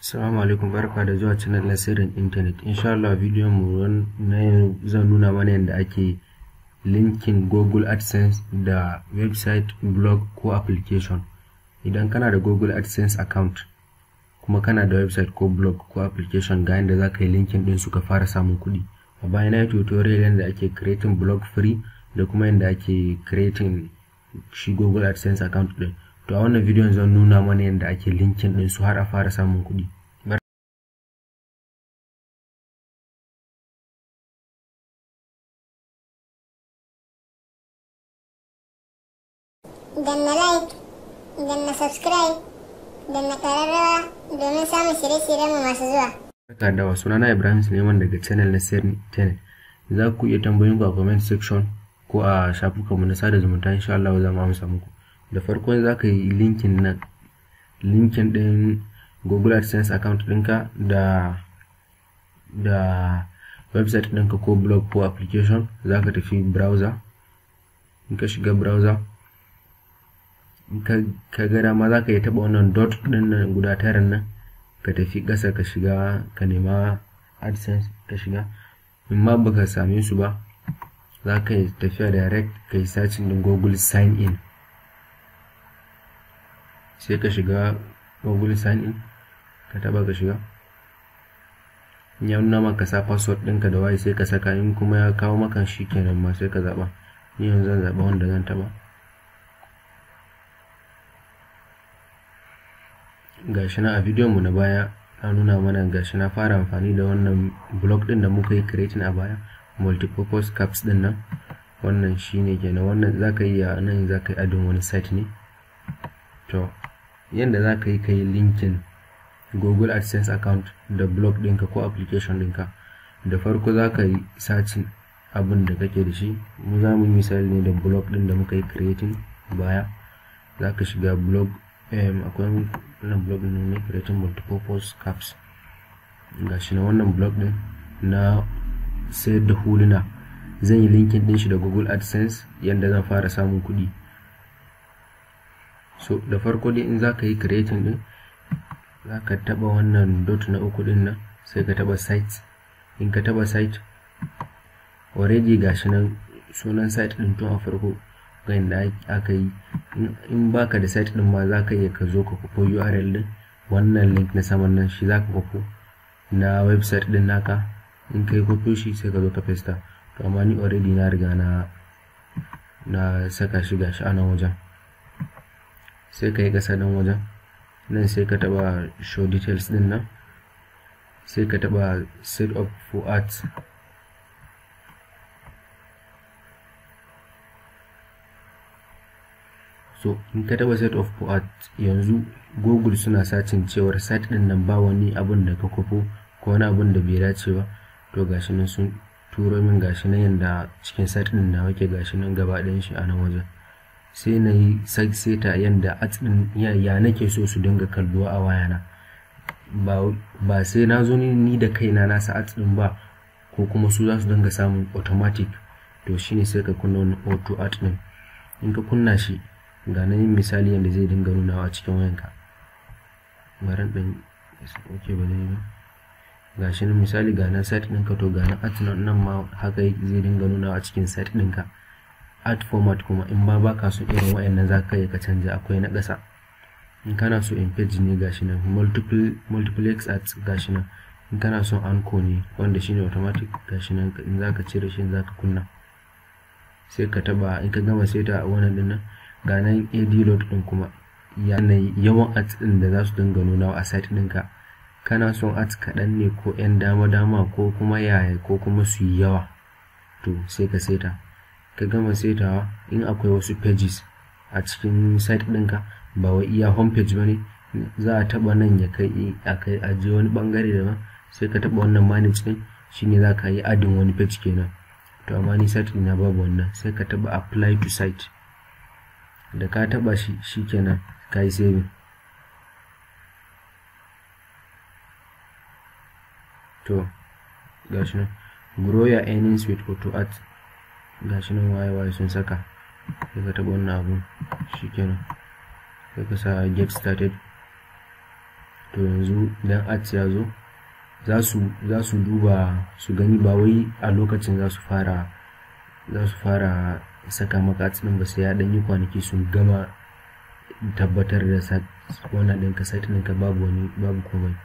Assalamu alaikum barka da zuwa channel na sirrin internet. Insha Allah bidiyon mu na yau zan nuna mana yadda ake linkin Google AdSense da website, blog ko application. Idan kana da Google AdSense account kuma kana da website ko blog ko application ga yadda za ka yi linkin din suka fara samun kuɗi. A baya na yi tutorial yadda ake creating blog free da kuma yadda ake creating shi Google AdSense account din. to a wannan bidiyon zan nuna mana yadda ake linkin din su har a fara samun kuɗi danna like danna subscribe danna ƙararrawa domin samun shirye-shiryenmu masu zuwa barka da wa sunana ibrahim suleiman daga channel na sirri channel za ku iya ku a comment section ko a shafukanmu na sada zumunta insha Allah za mu amsa muku da farko za ka yi linkin nan linkin din google adsense account ɗinka da da website ɗinka ko blog ko application za ka tafi browser in ka shiga browser ka gada ma za ka yi taɓa wannan dot ɗin nan guda tara nan ka tafi ƙasa ka shiga ka nema adsense ka shiga in ma baka same su ba za ka yi tafiya direct ka yi sacin din google sign in sai ka shiga google sign in ka taba ka shiga ya nuna maka sa password ɗinka da waye sai ka saka in kuma ya kawo maka shi kenan ma sai ka zaɓa ni yanzu zan zaɓa wanda zan taɓa gashi na a bidiyon mu na baya na nuna mana gashi na fara amfani da wannan blog ɗin da muka yi creating a baya multipurpose caps ɗin nan wannan shine kenan wannan zaka yi a nan zaka yi adon wani site ne to yadda za ka yi ka yi linkin google adsense account da blog ɗinka ko application dinka da farko za ka yi sacin abin da kake da shi mu za mu misali ne da blog ɗin da muka yi creating baya za ka shiga blog akwai wannan blog ɗin ne creating multipurpose caps ga shi na wannan blog ɗin na sayar da huluna zan yi linkin ɗin shi da google adsense yadda zan fara samun kuɗi so da farko dai in zaka yi creating din zaka taba wannan dot na uku din nan sai ka taba site in ka taba site already gashi nan sunan site din tun a farko inda aka yi in baka da site din ma zaka iya ka zo ka kopo url din wannan link na saman nan shi za ka na website din naka in kai kopo shi sai ka zo ka paste to amma ni already na riga na na saka shi gashi a nan wajen sai ka yi ƙasa nan wajen nan sai ka taɓa show details ɗin nan sai ka taɓa set up for art so in ka taba set up for art yanzu google suna sacin cewar site ɗin nan ba wani abin da ka kwafo ko wani abin da bai dace ba to gashi nan sun turo min gashi nan yadda cikin site ɗin na wake gashi nan gaba ɗayan shi a nan wajen sai na yi seta yadda atsin ya nake so su dinga kalluwa a wayana ba sai na zo ni da kaina na sa atsin ba ko kuma su za su dinga samun automatic to shi ne sai ka kunna wani auto art in ka kunna shi ga yin misali yadda zai dinga nunawa a cikin wayanka ba zai ba ga shi misali ga nan set ɗinka to ga nan art nan ma haka zai dinga nunawa a cikin set ɗinka art format kuma in ba baka so irin waɗannan za ka ka canja akwai na ƙasa in kana so in page ne gashi nan multiple multiplex art gashi nan in kana son anko ne wanda shine automatic gashi nan in za ka cire shi za ka kunna sai ka taba in ka gama seta wannan din nan ga nan ad load din kuma yanayi yawan art din da za su dinga nuna a site ka kana son at kaɗan ne ko 'yan dama-dama ko kuma yaya ko kuma su yawa to sai ka seta ka gama saitawa in akwai wasu pages a cikin site ɗinka ba wai iya home page ba ne za a taɓa nan ya kai a kai a je wani ɓangare ma sai ka taɓa wannan manage ɗin shine za ka yi adin wani page kenan to amma ni site ɗina babu wannan sai ka taɓa apply to site da ka taɓa shi shikenan ka yi saving to gashi nan grow your earnings with auto ads ga shi nan waye waye sun saka sai ka taɓa wannan abun shikenan sai ka sa get started to yanzu idan ads ya zo za su duba su gani ba wai a lokacin za su fara za su fara saka maka ads ɗin ba sai ya danyi yi kwanaki sun gama tabbatar da wannan ɗinka site ɗinka babu wani babu komai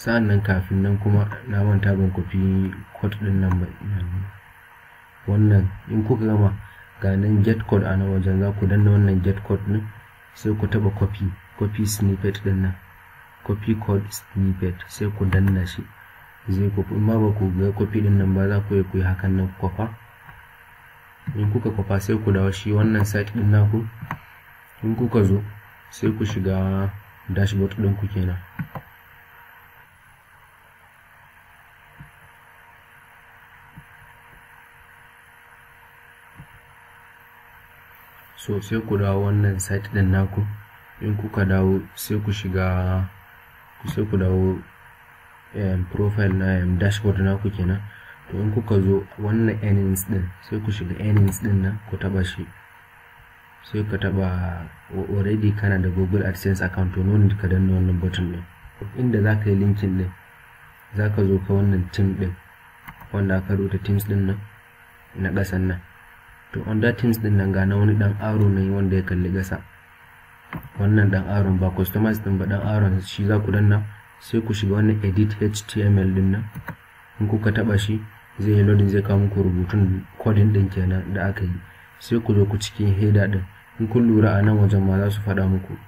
sa'an nan kafin nan kuma na manta ban kwafi code din nan ba wannan in kuka gama ga nan get code a nan wajen za ku danna wannan get code din sai ku taba copy copy snippet din nan copy code snippet sai ku danna shi zai ku in ba ku ga copy din nan ba za ku yi ku yi hakan nan kwafa in kuka kwafa sai ku dawo shi wannan site din naku in kuka zo sai ku shiga dashboard ku kenan so sai ku dawo wannan site din naku in kuka dawo sai ku shiga sai ku dawo um, profile na um, dashboard naku kenan to in kuka zo wannan earnings din sai ku shiga earnings din nan ku taɓa shi sai ka taɓa already kana da google adsense account to nuna ka danna wannan button din inda za ka yi linkin din za ka zo ka wannan team din wanda aka rubuta teams din nan na kasan nan to under teams din nan ga na wani dan aro ne wanda ya kalli gasa wannan dan aron ba customers din ba dan aron shi za ku danna sai ku shiga wannan edit html din nan in kuka taba shi zai yi loading zai kawo muku rubutun coding din kenan da aka yi sai ku zo ku cikin header din in kun lura a nan wajen ma za su faɗa muku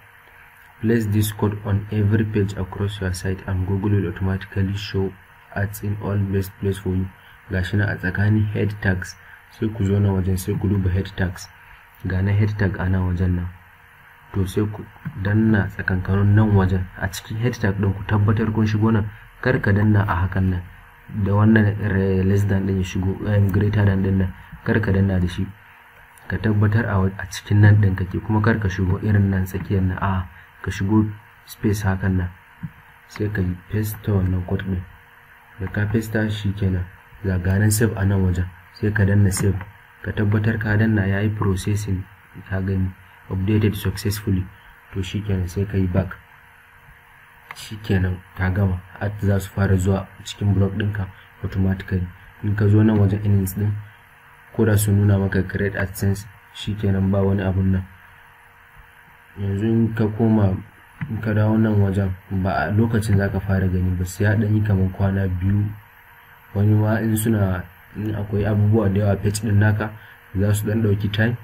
place this code on every page across your site and google will automatically show ads in all best place for you gashi na a tsakanin head tags sai ku zo na wajen sai ku duba head tags ga na head tag ana wajen nan to sai ku danna tsakankanin nan wajen a cikin head tag ɗin ku tabbatar kun shigo nan kar ka danna a hakan nan da wannan less than ɗin ya shigo eh, greater than ɗin nan kar ka danna da shi ka tabbatar a cikin nan ɗin kake kuma kar ka shigo irin nan tsakiyar na a ka shigo space hakan nan sai ka yi paste wannan code din da ka paste shi kenan ganin save a nan wajen sai ka danna save ka tabbatar ka danna ya yi processing ka gani updated successfully to shikenan sai ka yi back shikenan ka gama at za su fara zuwa cikin block ɗinka automatically in ka zo nan wajen earnings ɗin ko da su nuna maka create adsense shikenan ba wani abun nan yanzu in ka koma in ka dawo nan wajen ba a lokacin za ka fara gani ba sai ya yi kamar kwana biyu wani ma in suna in akwai abubuwa da yawa fetch din naka za su dan dauki time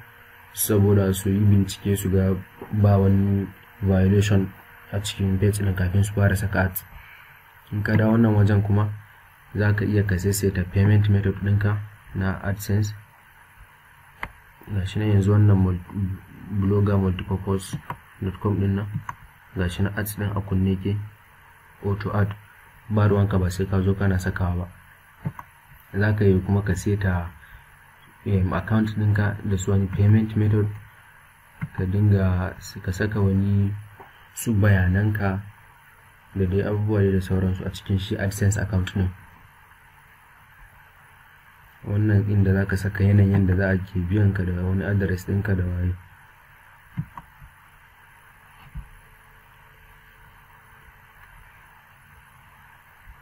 saboda su yi bincike su ga ba wani violation a cikin fetch din kafin su fara saka ads in ka da wannan wajen kuma za ka iya ka saisaita payment method ɗinka na adsense ga shi nan yanzu wannan blogger multipurpose.com ɗin nan ga shi na ads ɗin a kunne ke auto ad ba ruwanka ba sai ka zo kana sakawa ba za ka yi kuma ka seta um, account ɗinka da su wani payment method ka dinga ka saka wani su bayananka da dai abubuwa da sauransu a cikin shi adsense account ɗin wannan inda za ka saka yanayin da za a ke biyan ka da wani adres ɗinka da waye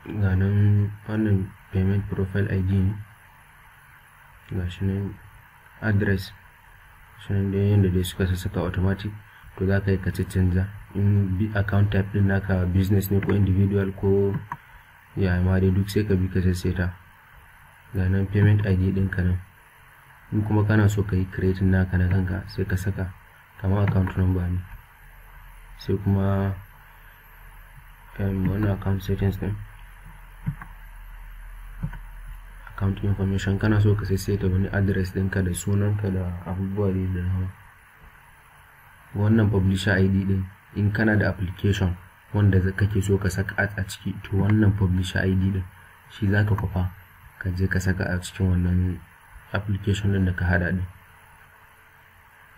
ga nan wannan payment profile id ga shi nan address shi nan da yadda dai suka sassaka automatic to za ka yi ka canza in bi account type din naka business ne ko individual ko ya ma dai duk sai ka bi ka sassaita ga nan payment id din ka nan in kuma kana so ka yi creating naka na kanka sai ka saka kamar account number ne sai kuma um, wannan account settings din account information kana so ka ta wani address ka da sunan ka da abubuwa da da wannan publisher id din in kana da application wanda kake so ka saka a ciki to wannan publisher id din shi zaka ka ka je ka saka a cikin wannan application ɗin da ka hada din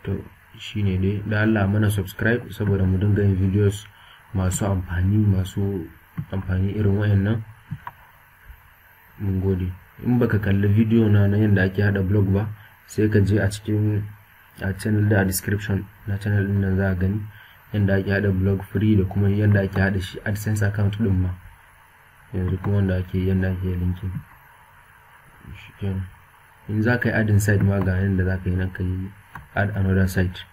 to shine dai da Allah mana subscribe saboda mu dinga yin videos masu amfani masu amfani irin wayannan mun gode in baka kalli video na na yadda ake hada blog ba sai ka je a cikin a channel da a description na channel din nan za a gani yadda ake hada blog free da kuma yadda ake hada shi AdSense account din ma yanzu kuma wanda ake yanda ake linkin shikenan in za ka yi adin site ma ga yadda za ka yi nan ka yi add another site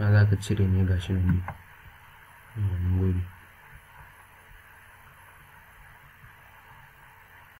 ma za ka cire ne ga shi nan ne gode